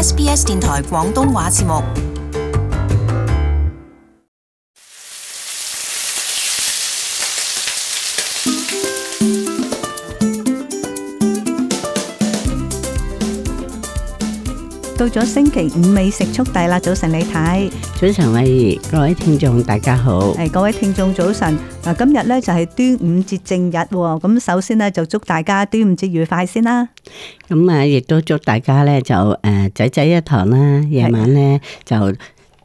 SBS 電台廣東話節目。到咗星期五，美食速遞啦！早晨，李太，早晨，慧怡，各位聽眾大家好。誒，各位聽眾早晨。嗱，今日咧就係端午節正日，咁首先咧就祝大家端午節愉快先啦。咁啊，亦都祝大家咧就誒，仔仔一堂啦，夜晚咧就。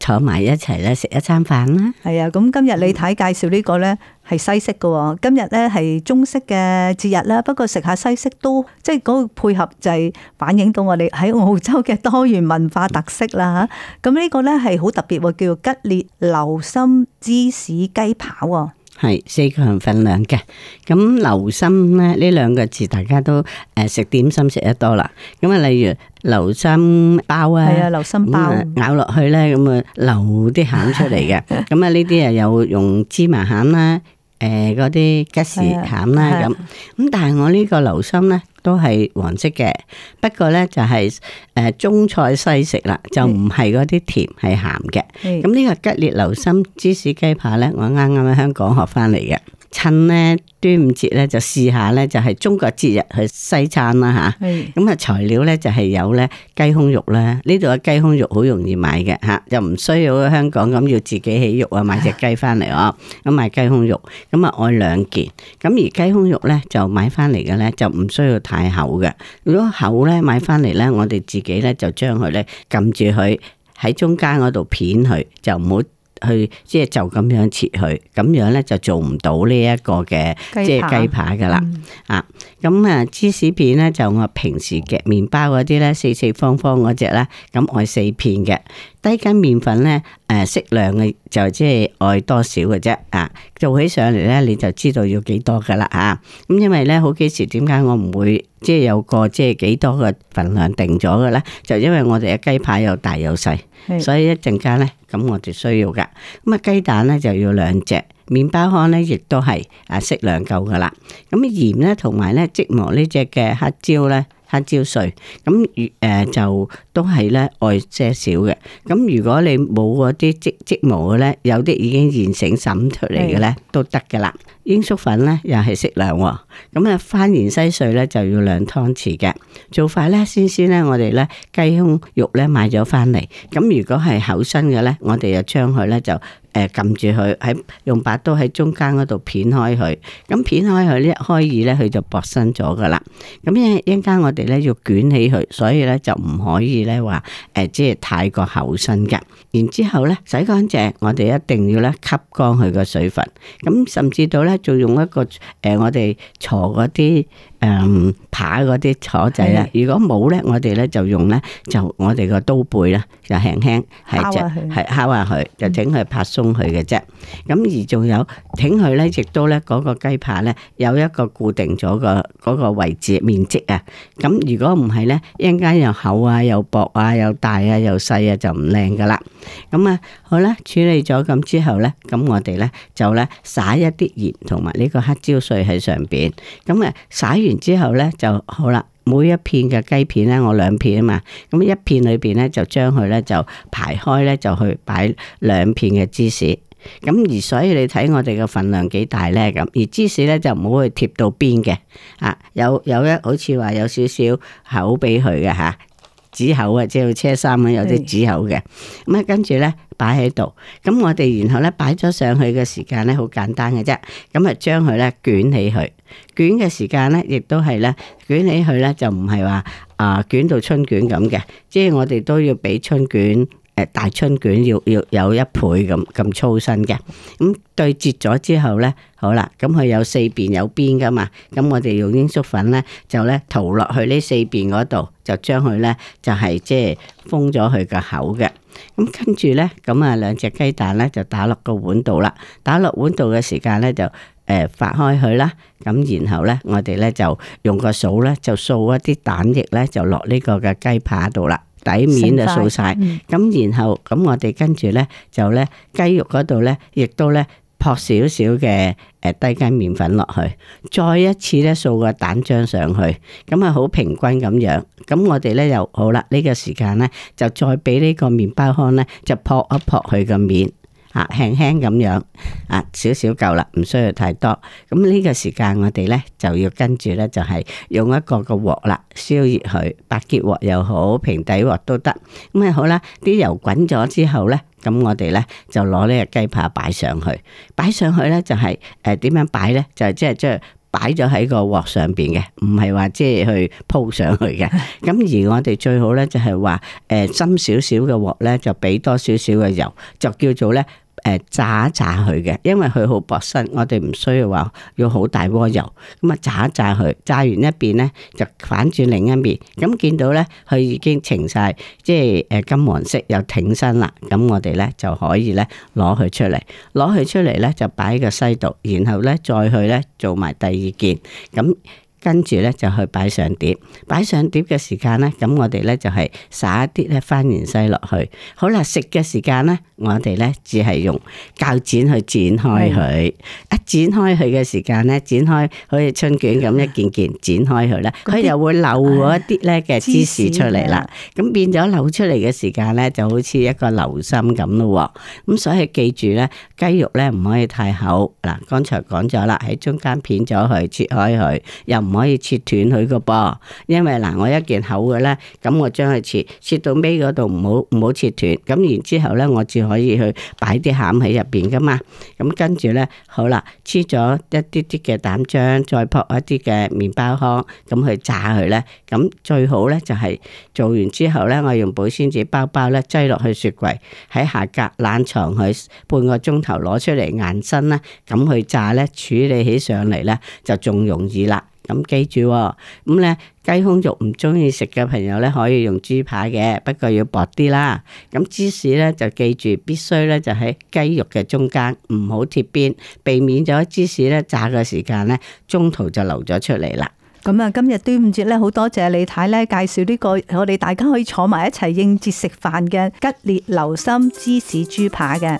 坐埋一齊咧，食一餐飯啦。係啊，咁今日你睇介紹呢個咧，係西式嘅。今日咧係中式嘅節日啦，不過食下西式都即係嗰個配合就係反映到我哋喺澳洲嘅多元文化特色啦吓。咁呢個咧係好特別，叫做吉列流心芝士雞扒啊。係四個人份量嘅，咁流心咧，呢兩個字，大家都誒食點心食得多啦，咁啊例如流心包啊，係啊流心包咬落去咧，咁啊流啲餡出嚟嘅，咁啊呢啲啊又用芝麻餡啦。誒，嗰啲、呃、吉士餡啦咁咁，但係我呢個流心呢都係黃色嘅，不過呢，就係、是、誒中菜西食啦，就唔係嗰啲甜係鹹嘅。咁呢的的個吉列流心芝士雞扒呢，我啱啱喺香港學翻嚟嘅。趁咧端午節咧就試下咧就係中國節日去西餐啦吓，咁啊是材料咧就係有咧雞胸肉啦，呢度嘅雞胸肉好容易買嘅吓，就唔需要香港咁要自己起肉啊買隻雞翻嚟哦，咁 買雞胸肉，咁啊愛兩件，咁而雞胸肉咧就買翻嚟嘅咧就唔需要太厚嘅，如果厚咧買翻嚟咧我哋自己咧就將佢咧撳住佢喺中間嗰度片佢就唔好。去即係就咁樣切佢，咁樣咧就做唔到呢一個嘅排即係雞排噶啦啊！嗯咁啊芝士片咧就我平時夾麵包嗰啲咧四四方方嗰隻啦，咁愛四片嘅低筋麵粉咧，誒、啊、適量嘅就即係愛多少嘅啫啊，做起上嚟咧你就知道要幾多噶啦吓，咁、啊、因為咧好幾時點解我唔會即係、就是、有個即係幾多嘅份量定咗嘅咧？就因為我哋嘅雞排有大有細，是所以一陣間咧咁我哋需要噶，咁啊雞蛋咧就要兩隻。麵包糠咧，亦都係啊，適量夠噶啦。咁鹽咧，同埋咧，即磨呢隻嘅黑椒咧，黑椒碎。咁如、呃、就都係咧，愛些少嘅。咁如果你冇嗰啲即即磨咧，有啲已經現成剷出嚟嘅咧，都得噶啦。鷹粟、嗯、粉咧，又係適量。咁啊，番芫茜碎咧就要兩湯匙嘅。做法咧，先先咧，我哋咧雞胸肉咧買咗翻嚟。咁如果係厚身嘅咧，我哋就將佢咧就，就，就。誒撳住佢，喺用把刀喺中間嗰度片開佢，咁片開佢呢，一開耳咧，佢就薄身咗噶啦。咁一陣間我哋咧要捲起佢，所以咧就唔可以咧話誒，即、呃、係太過厚身嘅。然之後咧洗乾淨，我哋一定要咧吸乾佢個水分，咁甚至到咧，就用一個誒、呃，我哋坐嗰啲。誒扒嗰啲坐仔咧，如果冇咧，我哋咧就用咧，就我哋個刀背咧，就輕輕係即係敲下佢，就整佢拍鬆佢嘅啫。咁而仲有整佢咧，亦都咧嗰個雞扒咧有一個固定咗個嗰個位置面積啊。咁如果唔係咧，一陣間又厚啊，又薄啊，又大啊，又細啊，就唔靚㗎喇。咁啊，好啦，處理咗咁之後咧，咁我哋咧就咧撒一啲鹽同埋呢個黑椒碎喺上邊。咁啊，撒。完之後咧就好啦，每一片嘅雞片咧，我兩片啊嘛，咁一片裏邊咧就將佢咧就排開咧，就去擺兩片嘅芝士。咁而所以你睇我哋嘅份量幾大咧咁，而芝士咧就唔好去貼到邊嘅啊，有有一好似話有少少口俾佢嘅吓，紙口啊，即係車衫咁有啲紙口嘅。咁啊是，跟住咧擺喺度，咁我哋然後咧擺咗上去嘅時間咧好簡單嘅啫，咁啊將佢咧捲起去。捲嘅時間咧，亦都係咧捲起佢咧，就唔係話啊捲到春卷咁嘅，即係我哋都要比春卷誒、呃、大春卷要要有一倍咁咁粗身嘅。咁對折咗之後咧，好啦，咁佢有四邊有邊㗎嘛，咁我哋用鷹粟粉咧就咧塗落去呢四邊嗰度，就將佢咧就係即係封咗佢個口嘅。咁跟住咧，咁啊兩隻雞蛋咧就打落個碗度啦，打落碗度嘅時間咧就。誒，發開佢啦，咁然後呢，我哋呢就用個掃呢，就掃一啲蛋液呢，就落呢個嘅雞扒度啦，底面就掃晒，咁、嗯、然後咁我哋跟住呢，就呢雞肉嗰度呢，亦都呢撲少少嘅低筋麵粉落去，再一次呢掃個蛋漿上去，咁啊好平均咁樣，咁我哋呢就好啦，呢、這個時間呢，就再俾呢個麵包糠呢，就撲一撲佢個面。啊，輕輕咁樣，啊少少夠啦，唔需要太多。咁呢個時間我哋咧就要跟住咧就係用一個個鑊啦，燒熱佢，八結鑊又好，平底鑊都得。咁啊好啦，啲油滾咗之後咧，咁我哋咧就攞呢個雞扒擺上去，擺上去咧就係誒點樣擺咧？就係即係即係擺咗喺個鑊上邊嘅，唔係話即係去鋪上去嘅。咁而我哋最好咧就係話誒深少少嘅鑊咧，就俾多少少嘅油，就叫做咧。炸一炸佢嘅，因為佢好薄身，我哋唔需要話要好大鍋油，咁啊炸一炸佢，炸完一邊呢，就反轉另一邊，咁見到呢，佢已經呈晒，即係誒金黃色又挺身啦，咁我哋呢，就可以呢攞佢出嚟，攞佢出嚟呢，就擺喺個西度，然後呢，再去呢，做埋第二件，咁。跟住咧就去擺上碟，擺上碟嘅時間咧，咁我哋咧就係撒一啲咧番芫茜落去。好啦，食嘅時間咧，我哋咧只係用鉸剪去剪開佢。一剪開佢嘅時間咧，剪開好似春卷咁一件件剪開佢咧，佢又會漏嗰一啲咧嘅芝士出嚟啦。咁變咗漏出嚟嘅時間咧，就好似一個流心咁咯。咁所以記住咧，雞肉咧唔可以太厚。嗱，剛才講咗啦，喺中間片咗佢，切開佢又唔唔可以切斷佢嘅噃，因為嗱，我一件厚嘅咧，咁我將佢切，切到尾嗰度唔好唔好切斷，咁然之後咧，我至可以去擺啲餡喺入邊噶嘛。咁跟住咧，好啦，黐咗一啲啲嘅蛋漿，再撲一啲嘅麵包糠，咁去炸佢咧。咁最好咧就係做完之後咧，我用保鮮紙包包咧，擠落去雪櫃喺下格冷藏佢半個鐘頭，攞出嚟硬身啦，咁去炸咧，處理起上嚟咧就仲容易啦。咁記住，咁咧雞胸肉唔中意食嘅朋友咧，可以用豬扒嘅，不過要薄啲啦。咁芝士咧就記住，必須咧就喺雞肉嘅中間，唔好貼邊，避免咗芝士咧炸嘅時間咧，中途就流咗出嚟啦。咁啊，今日端午節咧，好多謝李太咧介紹呢個，我哋大家可以坐埋一齊應節食飯嘅吉列流心芝士豬扒嘅。